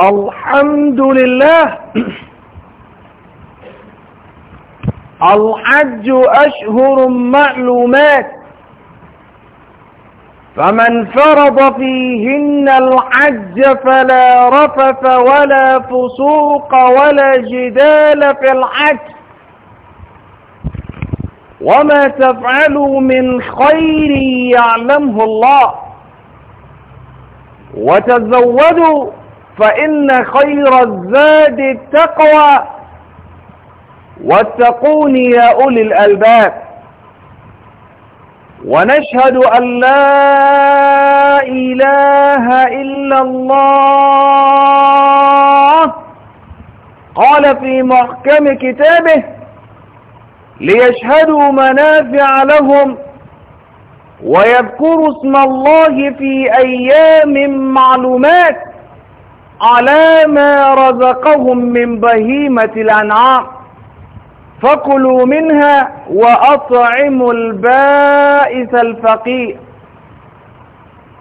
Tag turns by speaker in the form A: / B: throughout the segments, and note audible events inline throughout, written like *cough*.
A: الحمد لله *clears throat* الحج أشهر معلومات فمن فرض فيهن الحج فلا رفث ولا فسوق ولا جدال في الحج وما تفعلوا من خير يعلمه الله وتزودوا فإن خير الزاد التقوى واتقون يا أولي الألباب ونشهد أن لا إله إلا الله قال في محكم كتابه ليشهدوا منافع لهم ويذكروا اسم الله في أيام معلومات على ما رزقهم من بهيمة الأنعام فكلوا منها وأطعموا البائس الفقير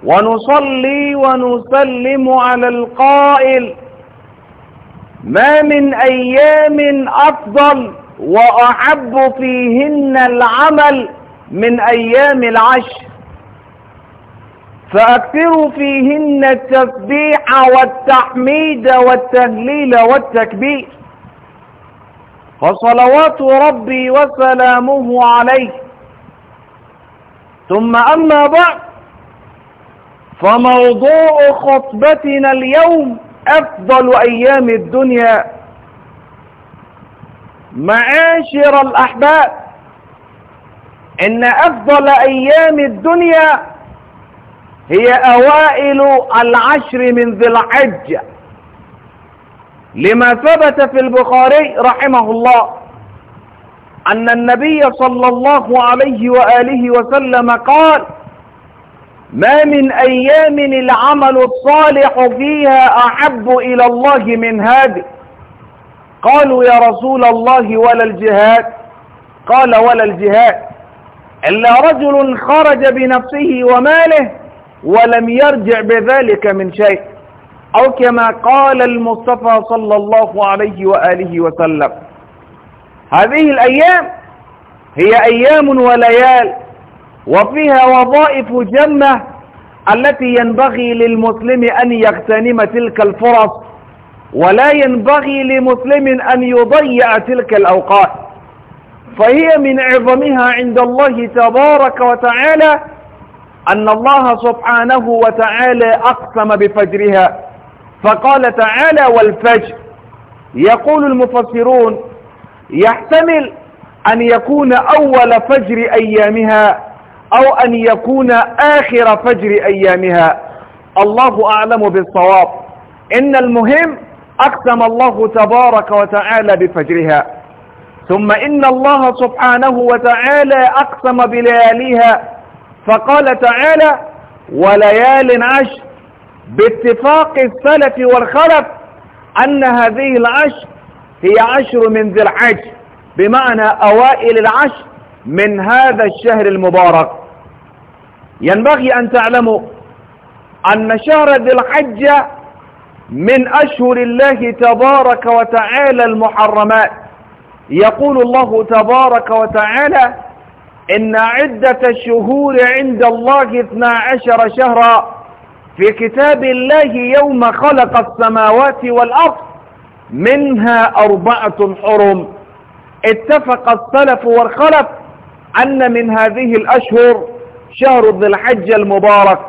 A: ونصلي ونسلم على القائل ما من أيام أفضل وأحب فيهن العمل من أيام العشر فأكثروا فيهن التسبيح والتحميد والتهليل والتكبير فصلوات ربي وسلامه عليه ثم أما بعد فموضوع خطبتنا اليوم أفضل أيام الدنيا معاشر الأحباب إن أفضل أيام الدنيا هي أوائل العشر من ذي الحجة لما ثبت في البخاري رحمه الله أن النبي صلى الله عليه وآله وسلم قال ما من أيام العمل الصالح فيها أحب إلى الله من هذه قالوا يا رسول الله ولا الجهاد قال ولا الجهاد إلا رجل خرج بنفسه وماله ولم يرجع بذلك من شيء أو كما قال المصطفى صلى الله عليه وآله وسلم هذه الأيام هي أيام وليال وفيها وظائف جمة التي ينبغي للمسلم أن يغتنم تلك الفرص ولا ينبغي لمسلم أن يضيع تلك الأوقات فهي من عظمها عند الله تبارك وتعالى أن الله سبحانه وتعالى أقسم بفجرها فقال تعالى والفجر يقول المفسرون يحتمل أن يكون أول فجر أيامها أو أن يكون آخر فجر أيامها الله أعلم بالصواب إن المهم أقسم الله تبارك وتعالى بفجرها ثم إن الله سبحانه وتعالى أقسم بلياليها فقال تعالى وليال عشر باتفاق السلف والخلف أن هذه العشر هي عشر من ذي الحج بمعنى أوائل العشر من هذا الشهر المبارك ينبغي أن تعلموا أن شهر ذي الحجة من أشهر الله تبارك وتعالى المحرمات يقول الله تبارك وتعالى إن عدة الشهور عند الله اثنا عشر شهرا في كتاب الله يوم خلق السماوات والأرض منها أربعة حرم اتفق السلف والخلف أن من هذه الأشهر شهر ذي الحج المبارك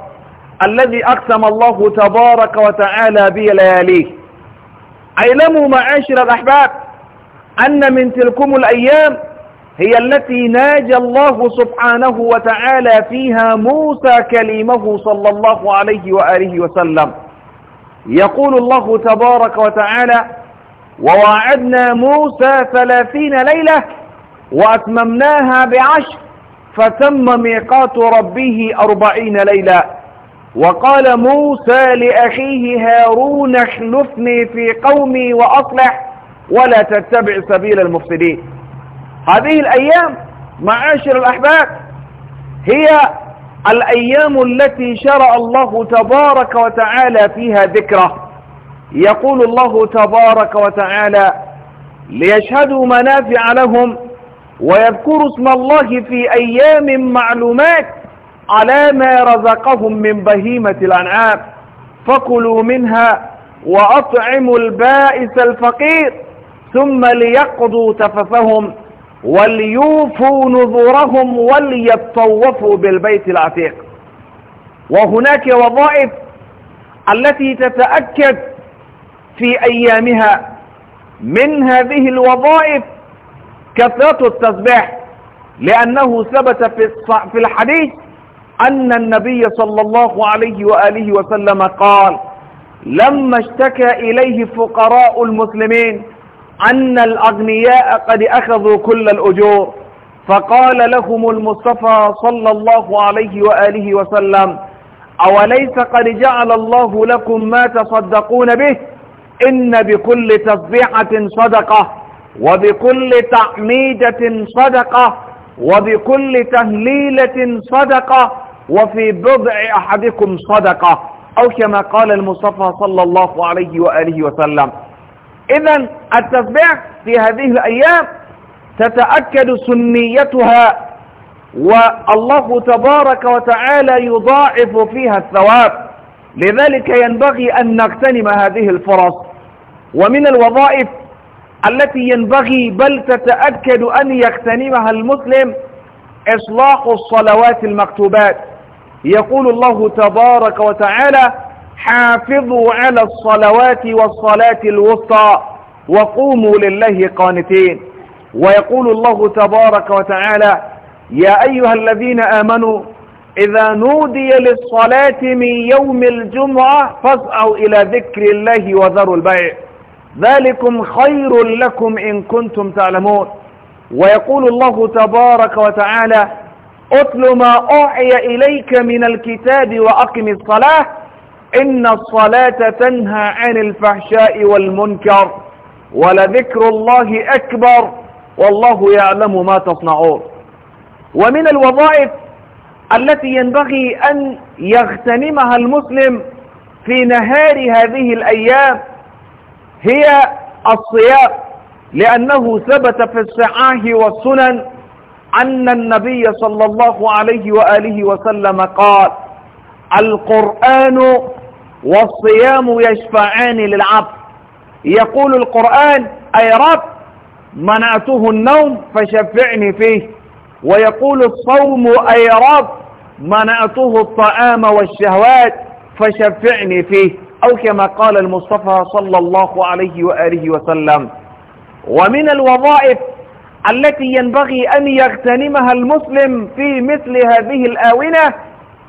A: الذي أقسم الله تبارك وتعالى لياليه اعلموا معاشر الأحباب أن من تلكم الأيام هي التي ناجى الله سبحانه وتعالى فيها موسى كليمه صلى الله عليه وآله وسلم يقول الله تبارك وتعالى وواعدنا موسى ثلاثين ليلة وأتممناها بعشر فتم ميقات ربه أربعين ليلة وقال موسى لأخيه هارون اخلفني في قومي وأصلح ولا تتبع سبيل المفسدين هذه الأيام معاشر الأحباب هي الأيام التي شرع الله تبارك وتعالى فيها ذكره يقول الله تبارك وتعالى ليشهدوا منافع لهم ويذكروا اسم الله في أيام معلومات على ما رزقهم من بهيمة الأنعام فكلوا منها وأطعموا البائس الفقير ثم ليقضوا تففهم وليوفوا نذورهم وليطوفوا بالبيت العتيق وهناك وظائف التي تتأكد في أيامها من هذه الوظائف كثرة التسبيح لأنه ثبت في الحديث أن النبي صلى الله عليه وآله وسلم قال لما اشتكى إليه فقراء المسلمين أن الأغنياء قد أخذوا كل الأجور فقال لهم المصطفى صلى الله عليه وآله وسلم أوليس قد جعل الله لكم ما تصدقون به إن بكل تصبيعة صدقة وبكل تعميدة صدقة وبكل تهليلة صدقة وفي بضع أحدكم صدقة أو كما قال المصطفى صلى الله عليه وآله وسلم اذا التسبيح في هذه الايام تتأكد سنيتها والله تبارك وتعالى يضاعف فيها الثواب لذلك ينبغي أن نغتنم هذه الفرص ومن الوظائف التي ينبغي بل تتأكد أن يغتنمها المسلم إصلاح الصلوات المكتوبات يقول الله تبارك وتعالى حافظوا على الصلوات والصلاة الوسطى وقوموا لله قانتين ويقول الله تبارك وتعالى يا أيها الذين آمنوا إذا نودي للصلاة من يوم الجمعة فاسعوا إلى ذكر الله وذروا البيع ذلكم خير لكم إن كنتم تعلمون ويقول الله تبارك وتعالى أتل ما أوحي إليك من الكتاب وأقم الصلاة إن الصلاة تنهى عن الفحشاء والمنكر ولذكر الله أكبر والله يعلم ما تصنعون ومن الوظائف التي ينبغي أن يغتنمها المسلم في نهار هذه الأيام هي الصيام لأنه ثبت في السعاه والسنن أن النبي صلى الله عليه وآله وسلم قال القرآن والصيام يشفعان للعبد يقول القرآن أي رب منعته النوم فشفعني فيه ويقول الصوم أي رب منعته الطعام والشهوات فشفعني فيه أو كما قال المصطفى صلى الله عليه وآله وسلم ومن الوظائف التي ينبغي أن يغتنمها المسلم في مثل هذه الآونة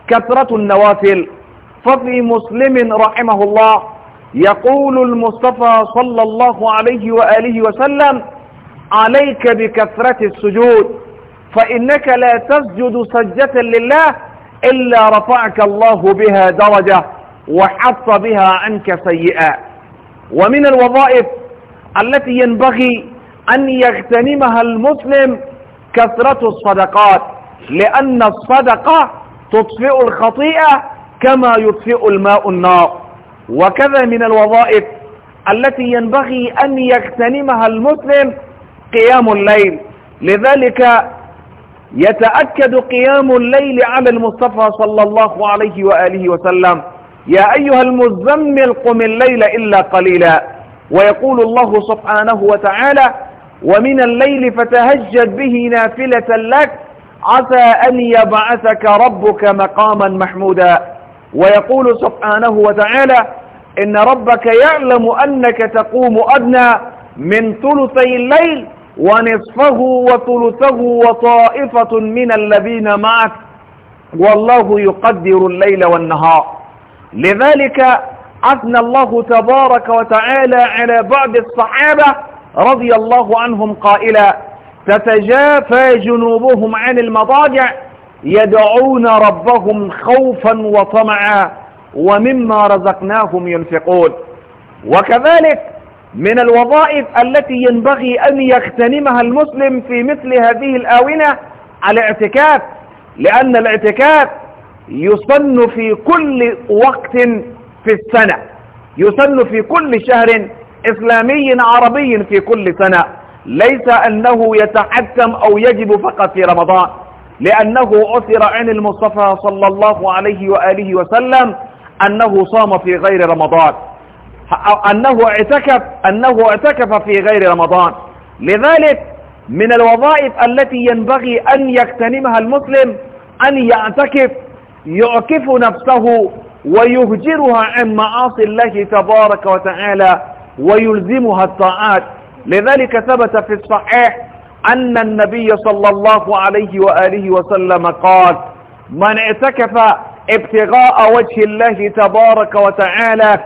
A: كثرة النوافل فضل مسلم رحمه الله يقول المصطفى صلى الله عليه وآله وسلم عليك بكثرة السجود فإنك لا تسجد سجة لله إلا رفعك الله بها درجة وحط بها عنك سيئة ومن الوظائف التي ينبغي أن يغتنمها المسلم كثرة الصدقات لأن الصدقة تطفئ الخطيئة كما يطفئ الماء النار وكذا من الوظائف التي ينبغي أن يغتنمها المسلم قيام الليل لذلك يتأكد قيام الليل على المصطفى صلى الله عليه وآله وسلم يا أيها المزمل قم الليل إلا قليلا ويقول الله سبحانه وتعالى ومن الليل فتهجد به نافلة لك عسى أن يبعثك ربك مقاما محمودا ويقول سبحانه وتعالى إن ربك يعلم أنك تقوم أدنى من ثلثي الليل ونصفه وثلثه وطائفة من الذين معك والله يقدر الليل والنهار لذلك أثنى الله تبارك وتعالى على بعض الصحابة رضي الله عنهم قائلا تتجافى جنوبهم عن المضاجع يدعون ربهم خوفا وطمعا ومما رزقناهم ينفقون وكذلك من الوظائف التي ينبغي أن يغتنمها المسلم في مثل هذه الآونة الاعتكاف لأن الاعتكاف يسن في كل وقت في السنة يسن في كل شهر إسلامي عربي في كل سنة ليس أنه يتحتم أو يجب فقط في رمضان لأنه أثر عن المصطفى صلى الله عليه وآله وسلم أنه صام في غير رمضان أنه اعتكف أنه اعتكف في غير رمضان لذلك من الوظائف التي ينبغي أن يغتنمها المسلم أن يعتكف يعكف نفسه ويهجرها عن معاصي الله تبارك وتعالى ويلزمها الطاعات لذلك ثبت في الصحيح أن النبي صلى الله عليه وآله وسلم قال من اعتكف ابتغاء وجه الله تبارك وتعالى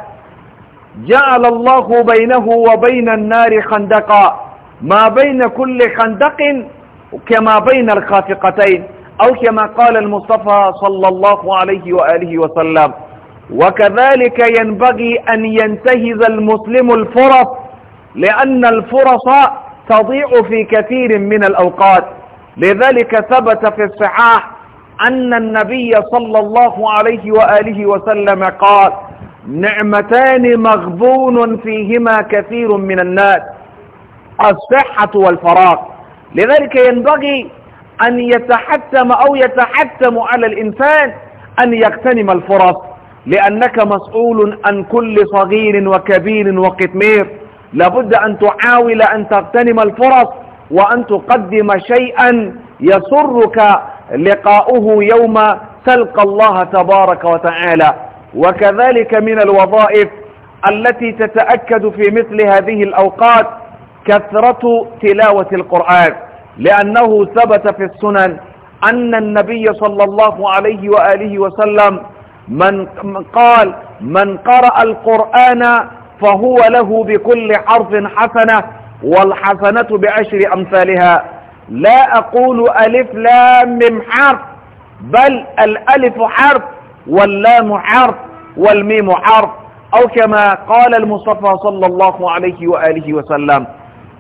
A: جعل الله بينه وبين النار خندقا ما بين كل خندق كما بين الخافقتين أو كما قال المصطفى صلى الله عليه وآله وسلم وكذلك ينبغي أن ينتهز المسلم الفرص لأن الفرص تضيع في كثير من الأوقات لذلك ثبت في الصحاح أن النبي صلى الله عليه وآله وسلم قال نعمتان مغبون فيهما كثير من الناس الصحة والفراغ لذلك ينبغي أن يتحتم أو يتحتم على الإنسان أن يغتنم الفرص لأنك مسؤول عن كل صغير وكبير وقتمير لابد أن تعاول أن تغتنم الفرص وأن تقدم شيئا يسرك لقاؤه يوم تلقى الله تبارك وتعالى وكذلك من الوظائف التي تتأكد في مثل هذه الأوقات كثرة تلاوة القرآن لأنه ثبت في السنن أن النبي صلى الله عليه وآله وسلم من قال من قرأ القرآن فهو له بكل حرف حسنة والحسنة بعشر أمثالها لا أقول ألف لام من حرف بل الألف حرف واللام حرف والميم حرف أو كما قال المصطفى صلى الله عليه وآله وسلم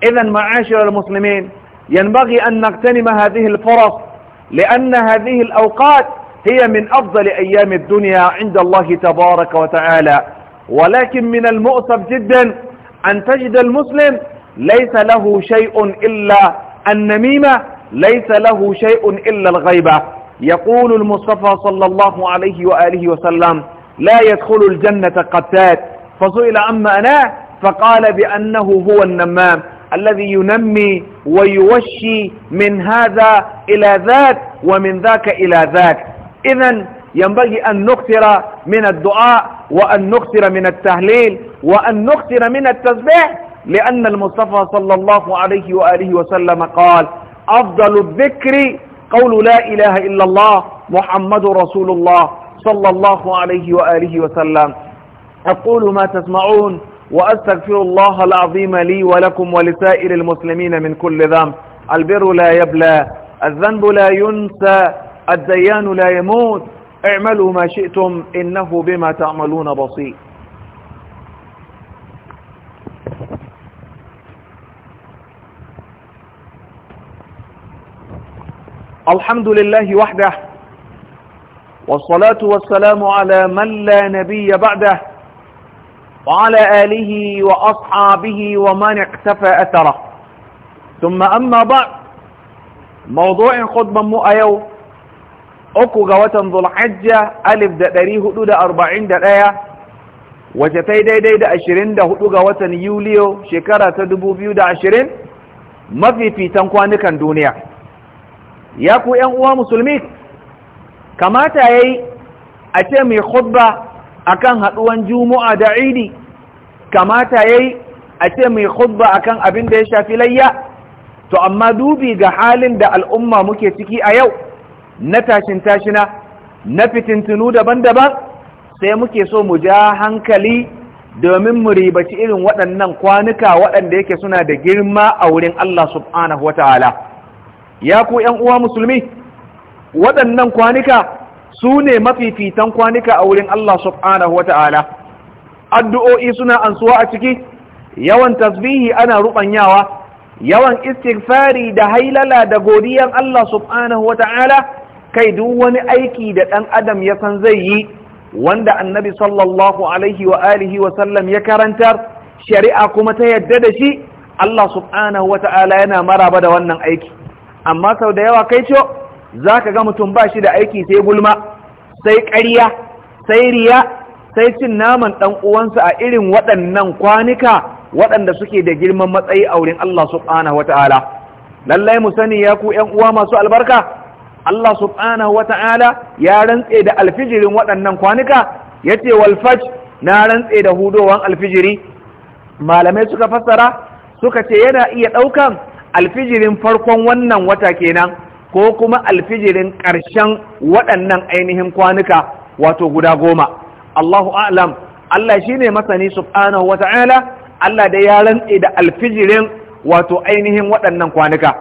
A: إذا معاشر المسلمين ينبغي أن نغتنم هذه الفرص لأن هذه الأوقات هي من أفضل أيام الدنيا عند الله تبارك وتعالى ولكن من المؤسف جدا أن تجد المسلم ليس له شيء إلا النميمة ليس له شيء إلا الغيبة يقول المصطفى صلى الله عليه وآله وسلم لا يدخل الجنة قتات فسئل عما أنا فقال بأنه هو النمام الذي ينمي ويوشي من هذا إلى ذاك ومن ذاك إلى ذاك إذا ينبغي أن نكثر من الدعاء وأن نكثر من التهليل وأن نكثر من التسبيح لأن المصطفى صلى الله عليه وآله وسلم قال أفضل الذكر قول لا إله إلا الله محمد رسول الله صلى الله عليه وآله وسلم أقول ما تسمعون وأستغفر الله العظيم لي ولكم ولسائر المسلمين من كل ذنب البر لا يبلى الذنب لا ينسى الديان لا يموت اعملوا ما شئتم إنه بما تعملون بصير الحمد لله وحده والصلاة والسلام على من لا نبي بعده وعلى آله وأصحابه ومن اقتفى أثره ثم أما بعد موضوع خطبة مؤيو uku ga watan zulhajja alif da ɗari hudu da arba'in da ɗaya wace ta daidai da ashirin da hudu ga watan yuliyo shekara ta dubu biyu da ashirin mafifitan kwanukan duniya ya ku ‘yan uwa musulmi kamata ya yi a ce mai khutba akan haɗuwan juma'a da idi kamata ya yi a ce mai khutba akan abin da ya shafi layya to amma dubi ga halin da al'umma muke ciki a yau na tashin tashina na fitintunu daban-daban sai muke so mu ja hankali domin mu ribaci irin waɗannan kwanuka waɗanda yake suna da girma a wurin Allah subhanahu wata'ala ya ku ‘yan uwa musulmi waɗannan kwanuka su ne mafifitan kwanuka a wurin Allah subhanahu wata'ala addu'o'i suna ansuwa a ciki yawan tasbihi ana ruɓanyawa yawan istighfari da hailala da godiyan Allah subhanahu wata'ala kai duk wani aiki da ɗan adam ya san zai yi wanda annabi sallallahu alaihi wa alihi wa sallam ya karantar shari'a kuma ta yadda da shi Allah subhanahu wa ta'ala yana maraba da wannan aiki amma sau da yawa kai ce za ka ga mutum ba shi da aiki sai gulma sai ƙarya sai riya sai cin naman ɗan uwansa a irin waɗannan kwanika waɗanda suke da girman matsayi a wurin Allah subhanahu wa ta'ala lallai mu sani ya ku ‘yan uwa masu albarka Allah subhanahu wata'ala ya rantse da alfijirin waɗannan kwanuka yace wal fajr na rantse da hudowan alfijiri malamai suka fassara suka ce yana iya ɗaukan alfijirin farkon wannan wata kenan ko kuma alfijirin ƙarshen waɗannan ainihin kwanuka wato guda goma Allahu a'lam Allah shine masani subhanahu wata'ala Allah da ya rantse da alfijirin wato ainihin waɗannan kwanuka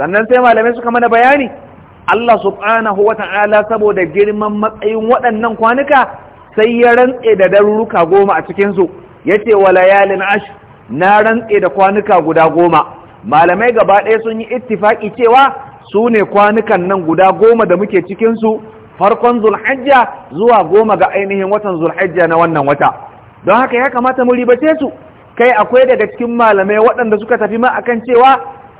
A: sannan sai malamai suka mana bayani Allah subhanahu wa ta'ala saboda girman matsayin waɗannan kwanuka sai ya rantse da daruruka goma a cikinsu ya ce wa layalin ash na rantse da kwanuka guda goma malamai gaba ɗaya sun yi ittifaki cewa su ne kwanukan nan guda goma da muke cikinsu farkon zulhajja zuwa goma ga ainihin watan zulhajja na wannan wata don haka ya kamata mu ribace su kai akwai daga cikin malamai waɗanda suka tafi ma akan cewa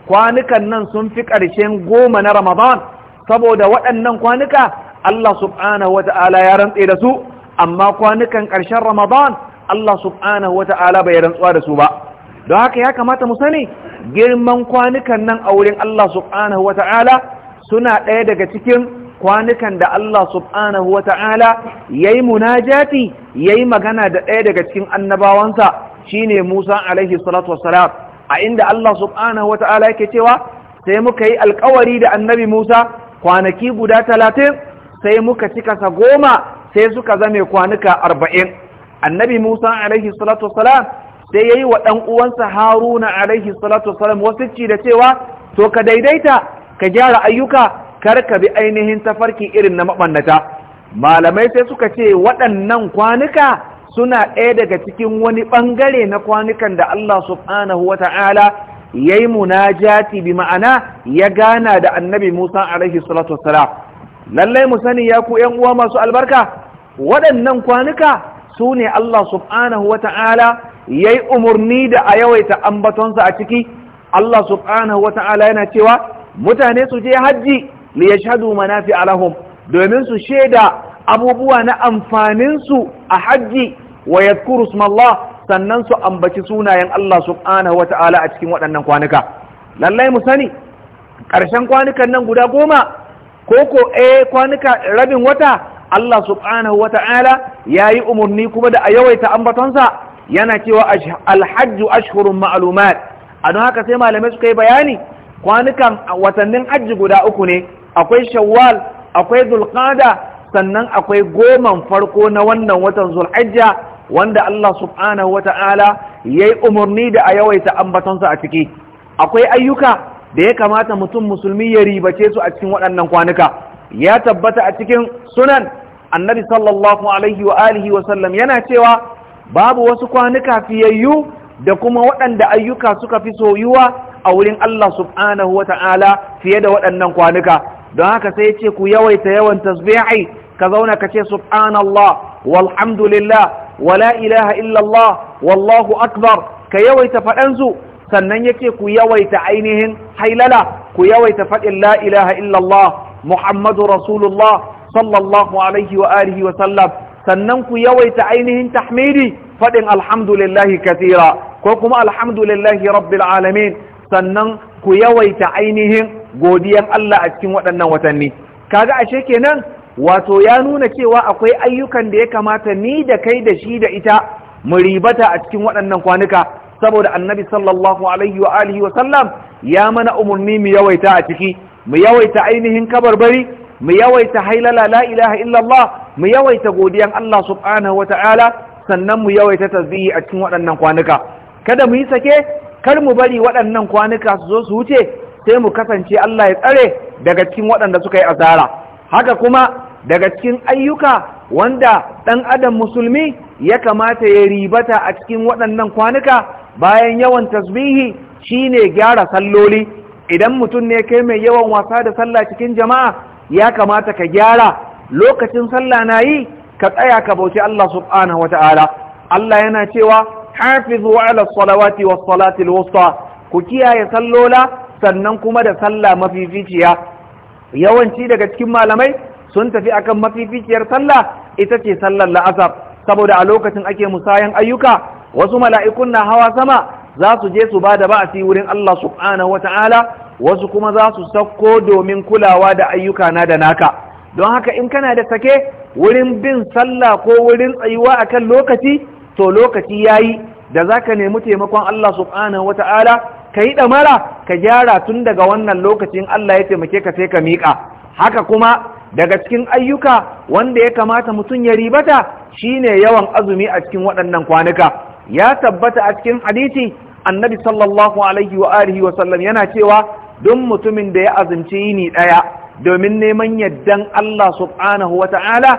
A: kwanukan nan sun fi ƙarshen goma na ramadan saboda waɗannan kwanuka Allah subhanahu wata'ala ya rantse da su amma kwanukan ƙarshen Ramadan Allah subhanahu wata'ala bai rantsuwa da su ba don haka ya kamata mu sani girman kwanukan nan a wurin Allah subhanahu wata'ala suna ɗaya daga cikin kwanukan da Allah subhanahu wata'ala yayi munajati yayi magana da ɗaya daga cikin annabawansa shine Musa alaihi salatu wassalam a inda Allah subhanahu wata'ala yake cewa sai muka yi alkawari da annabi Musa kwanaki guda talatin sai muka cika sa goma sai suka zame kwanuka arba'in annabi musa alaihi salatu wasalam sai ya yi wa ɗan uwansa haruna alaihi salatu wasalam ci da cewa to ka daidaita ka gyara ayyuka kar ka bi ainihin tafarki irin na maɓannata malamai sai suka ce waɗannan kwanuka suna ɗaya daga cikin wani ɓangare na kwanukan da Allah subhanahu wa ta'ala ya yi munajati bi ma'ana ya gana da annabi musa alaihi salatu wassalam lallai mu sani ya ku yan uwa masu albarka waɗannan kwanuka su ne allah subhanahu wa ta'ala ya yi umarni da a yawaita ambatonsa a ciki allah subhanahu wa ta'ala yana cewa mutane su je hajji li yashhadu manafi alahum domin su shaida abubuwa na amfaninsu a hajji wa yadhkuru smallah sannan su ambaci sunayen Allah subhanahu ta'ala a cikin waɗannan kwanuka lallai mu sani ƙarshen kwanukan nan guda goma ko ko eh kwanuka rabin wata Allah subhanahu ya yayi umurni kuma da a yawaita ambatonsa yana cewa alhajju ashhurun ma'lumat don haka sai malamai suka yi bayani kwanukan watannin hajji guda uku ne akwai shawwal akwai zulqada sannan akwai goman farko na wannan watan zulhajja wanda Allah subhanahu ya yayi umarni da a yawaita ambatonsa a ciki akwai ayyuka da ya kamata mutum musulmi ya ribace su a cikin waɗannan kwanuka ya tabbata a cikin sunan annabi sallallahu alaihi wa alihi wa sallam yana cewa babu wasu kwanuka fiyayyu da kuma waɗanda ayyuka suka fi soyuwa a wurin Allah subhanahu ta'ala fiye da waɗannan kwanuka don haka sai ya ce ku yawaita yawan tasbihi ka zauna ka ce subhanallah walhamdulillah wa la ilaha illallah wallahu akbar ka yawaita faɗansu sannan yake ku yawaita ainihin hailala ku yawaita faɗin la ilaha illallah muhammadu rasulullah sallallahu alaihi wa alihi wa sallam sannan ku yawaita ainihin tahmidi faɗin alhamdulillahi kathira ko kuma alhamdulillahi rabbil alamin sannan ku yawaita ainihin godiyan Allah a cikin waɗannan watanni kaga ashe kenan wato ya nuna cewa akwai ayyukan da ya kamata ni da kai da shi da ita mu ribata a cikin waɗannan kwanuka saboda annabi sallallahu alaihi wa alihi wa sallam ya mana umarni mu yawaita a ciki mu yawaita ainihin kabarbari mu yawaita hailala la ilaha illallah mu yawaita godiyan Allah subhanahu wata'ala sannan mu yawaita tasbihi a cikin waɗannan kwanuka kada mu yi sake kar mu bari waɗannan kwanuka su zo su wuce sai mu kasance Allah ya tsare daga cikin waɗanda suka yi asara haka kuma daga cikin ayyuka wanda ɗan adam musulmi ya kamata ya ribata a cikin waɗannan kwanuka bayan yawan tasbihi shi ne gyara salloli idan mutum ne kai mai yawan wasa da sallah cikin jama'a ya kamata ka gyara lokacin sallah na yi ka tsaya ka bauci Allah subhanahu wa ta'ala Allah yana cewa hafizu ala salawati was salati al-wusta ku kiyaye sallola sannan kuma da sallah mafificiya yawanci daga cikin malamai sun tafi akan mafificiyar sallah ita ce sallar la'asar saboda a lokacin ake musayan ayyuka wasu mala'ikun na hawa sama za su je su ba da ba'asi wurin Allah subhanahu wa ta'ala wasu kuma za su sauko domin kulawa da ayyuka na da naka don haka in kana da sake wurin bin sallah ko wurin tsayuwa akan lokaci to lokaci yayi da zaka nemi taimakon Allah subhanahu ta'ala ka yi ɗamara ka gyara tun daga wannan lokacin Allah ya taimake ka sai ka miƙa haka kuma daga cikin ayyuka wanda ya kamata mutum ya ribata shine yawan azumi a cikin waɗannan kwanuka ya tabbata a cikin hadisi annabi sallallahu alaihi wa alihi wa sallam yana cewa don mutumin da ya azumci yini ɗaya domin neman yaddan Allah subhanahu wa ta'ala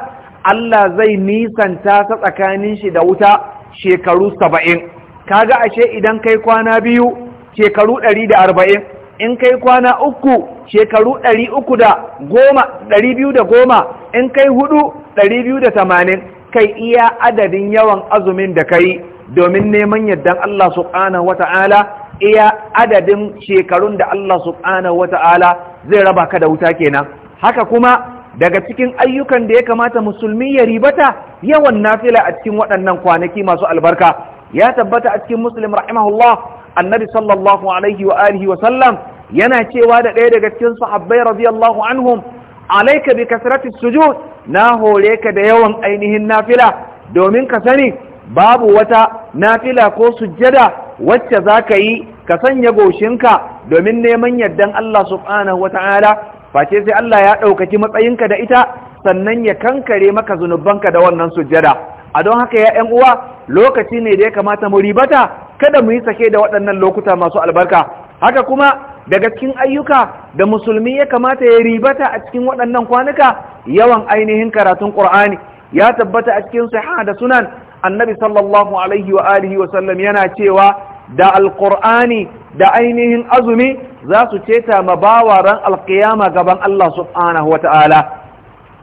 A: Allah zai nisanta ta tsakanin shi da wuta shekaru saba'in kaga ashe idan kai kwana biyu shekaru ɗari da arba'in in kai kwana uku shekaru ɗari uku da goma ɗari biyu da goma in kai hudu ɗari biyu da tamanin kai iya adadin yawan azumin da kai domin neman yardan Allah subhanahu wata'ala iya adadin shekarun da Allah subhanahu wata'ala zai raba ka da wuta kenan haka kuma daga cikin ayyukan da ya kamata musulmi ya ribata yawan nafila a cikin waɗannan kwanaki masu albarka ya tabbata a cikin muslim rahimahullah annabi sallallahu alaihi wa alihi wa sallam yana cewa da ɗaya daga cikin sahabbai radiyallahu anhum alaika bi kasrati sujud na hore ka da yawan ainihin nafila domin ka sani babu wata nafila ko sujjada wacce za ka yi ka sanya goshinka domin neman yardan Allah subhanahu wa ta'ala face sai Allah ya ɗaukaki matsayinka da ita sannan ya kankare maka zunubanka da wannan sujjada a don haka ya ‘yan uwa lokaci ne da ya kamata mu ribata kada mu yi sake da waɗannan lokuta masu albarka haka kuma daga cikin ayyuka da musulmi ya kamata ya ribata a cikin waɗannan kwanuka yawan ainihin karatun ƙur'ani ya tabbata a cikin sahiha da sunan annabi sallallahu alaihi wa alihi wa sallam yana cewa da alƙur'ani da ainihin azumi za su ceta ma bawa ran alƙiyama gaban Allah subhanahu wa ta'ala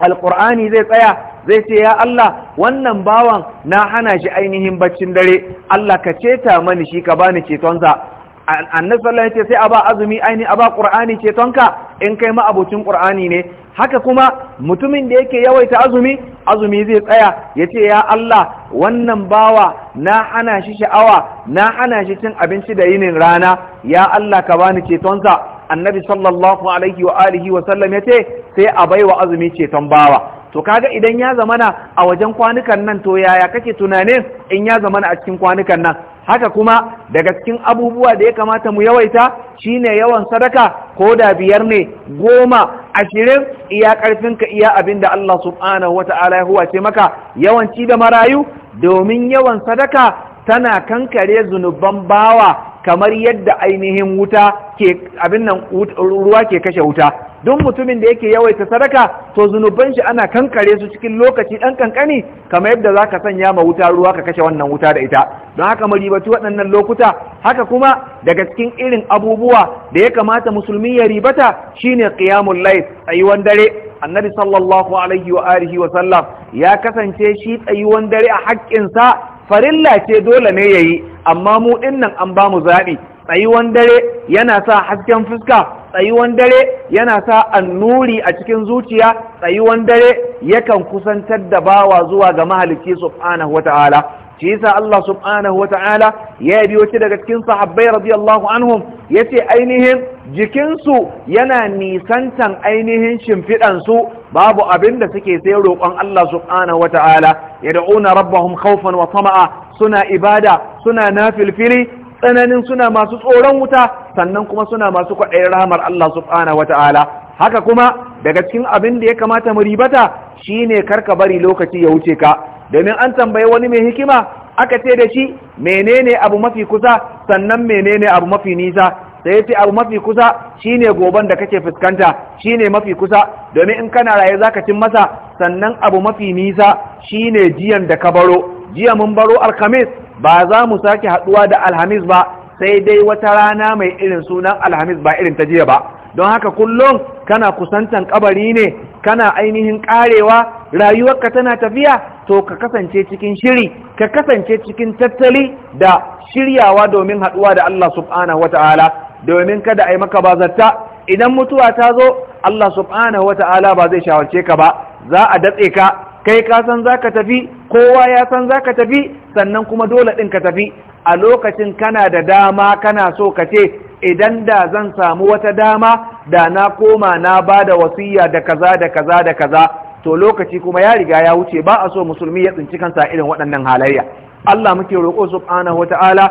A: alƙur'ani zai tsaya zai ce ya Allah wannan bawan na hana shi ainihin baccin dare Allah ka ceta mani shi ka bani cetonsa annabi sallallahu alaihi sai a ba azumi aini a ba qur'ani ce tonka in kai ma abocin qur'ani ne haka kuma mutumin da yake yawaita azumi azumi zai tsaya yace ya Allah wannan bawa na hana shi sha'awa na hana shi cin abinci da yinin rana ya Allah ka bani cetonsa annabi sallallahu alaihi wa alihi wa sallam yace sai a baiwa azumi ceton bawa to kaga idan ya zamana a wajen kwanukan nan to yaya kake tunanin in ya zamana a cikin kwanukan nan haka kuma daga cikin abubuwa da ya kamata mu yawaita shine yawan sadaka ko da biyar ne goma ashirin iya ƙarfinka iya abin da Allah subhanahu wa ta'ala ya huwace maka yawanci da marayu domin yawan sadaka tana kankare zunuban bawa kamar yadda ainihin wuta ke abin nan ruwa ke kashe wuta duk mutumin da yake yawaita sadaka to zunuban shi ana kankare su cikin lokaci dan kankani kamar yadda zaka sanya ma wuta ruwa ka kashe wannan wuta da ita don haka mu ribaci waɗannan lokuta haka kuma daga cikin irin abubuwa da ya kamata musulmi ya ribata shine qiyamul layl tsayuwan dare annabi sallallahu alaihi wa alihi wa sallam ya kasance shi tsayuwan dare a sa, farilla ce dole ne yayi amma mu dinnan an ba mu zaɓi tsayuwan dare yana sa hasken fuska tsayuwan dare yana sa annuri a cikin zuciya tsayuwan dare yakan kusantar da bawa zuwa ga mahalicci subhanahu wata'ala shi yasa Allah subhanahu wata'ala ya biyo shi daga cikin sahabbai radiyallahu anhum yace ainihin jikinsu yana nisantan ainihin shimfiɗansu babu abin da suke sai roƙon Allah subhanahu wata'ala ya da'una rabbahum khawfan wa tama'a suna ibada suna nafilfili tsananin suna masu tsoron wuta sannan kuma suna masu kwaɗayin rahamar Allah subhanahu wata'ala haka kuma daga cikin abin da ya kamata mu ribata shine karka bari lokaci ya wuce ka domin an tambayi wani mai hikima aka ce da shi menene abu mafi kusa sannan menene abu mafi nisa sai ce abu mafi kusa shine goban da kake fuskanta shine mafi kusa domin in kana raye zaka cin masa sannan abu mafi nisa shi ne jiyan da ka baro jiya mun baro alkamis ba za mu sake haduwa da alhamis ba sai dai wata rana mai irin sunan alhamis ba irin ta jiya ba don haka kullum kana kusantan kabari ne kana ainihin karewa rayuwarka tana tafiya to ka kasance cikin shiri ka kasance cikin tattali da shiryawa domin haduwa da Allah subhanahu wata'ala domin kada ai maka bazarta idan mutuwa ta zo Allah subhanahu wata'ala ba zai shawarce ka ba za a datse ka kai ka san za ka tafi kowa ya san za ka tafi sannan kuma dole ɗin ka tafi a lokacin kana da dama kana so ka ce idan da zan samu wata dama da na koma na ba da wasiya da kaza da kaza da kaza to lokaci kuma ya riga ya wuce ba a so musulmi ya tsinci kansa irin waɗannan halayya Allah muke roƙo subhanahu wata'ala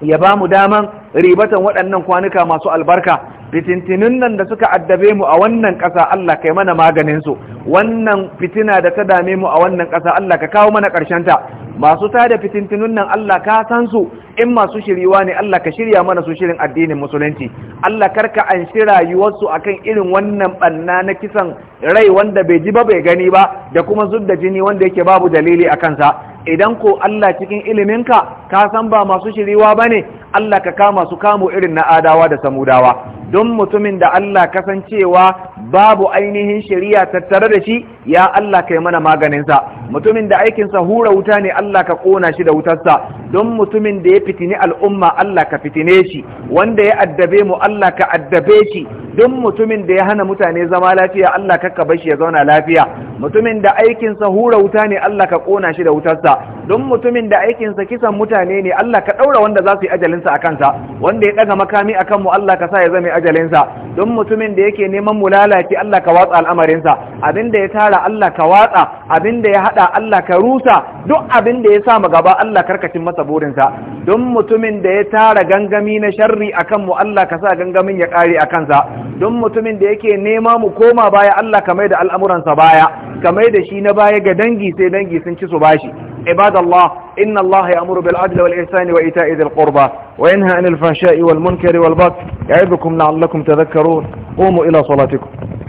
A: ya ba mu daman ribatan waɗannan kwanuka masu albarka fitintinin nan da suka addabe mu a wannan ƙasa Allah kai mana maganinsu. wannan fitina da ta dame mu a wannan ƙasa Allah ka kawo mana ƙarshenta masu tada fitintinun nan Allah ka san su in masu shiriwa ne Allah ka shirya mana su shirin addinin musulunci Allah karka an shi rayuwarsu akan irin wannan banna na kisan rai wanda bai ji ba bai gani ba da kuma zub da jini wanda yake babu dalili a kansa idan ko Allah cikin iliminka ka san ba masu shiriwa ba ne Allah ka kama su kamo irin na adawa da samudawa don mutumin da Allah kasancewa babu ainihin shari'a tattare da shi ya Allah kai mana maganinsa mutumin da aikinsa hura wuta ne Allah ka kona shi da wutarsa don mutumin da ya fitini al'umma Allah ka fitine shi wanda ya addabe mu Allah ka addabe shi don mutumin da ya hana mutane zama lafiya Allah ka bar shi ya zauna lafiya mutumin da aikinsa hura wuta ne Allah ka kona shi da wutarsa don mutumin da aikinsa kisan mutane ne Allah ka ɗaura wanda za su yi ajalinsa a kansa wanda ya ɗaga makami a kanmu Allah ka sa ya zama ajalinsa don mutumin da yake neman mu lalace Allah ka watsa al'amarinsa abin da ya tara Allah ka watsa abin da ya haɗa Allah ka rusa duk abin da ya sa mu gaba Allah karkacin masa burinsa don mutumin da ya tara gangami na sharri a kanmu Allah ka sa gangamin ya ƙare a kansa don mutumin da yake nema mu koma baya Allah ka mai da al'amuransa baya ka mai da shi na baya ga dangi sai dangi sun ci su bashi عباد الله إن الله يأمر بالعدل والإحسان وإيتاء ذي القربى وينهى عن الفحشاء والمنكر والبغي يعظكم لعلكم تذكرون قوموا إلى صلاتكم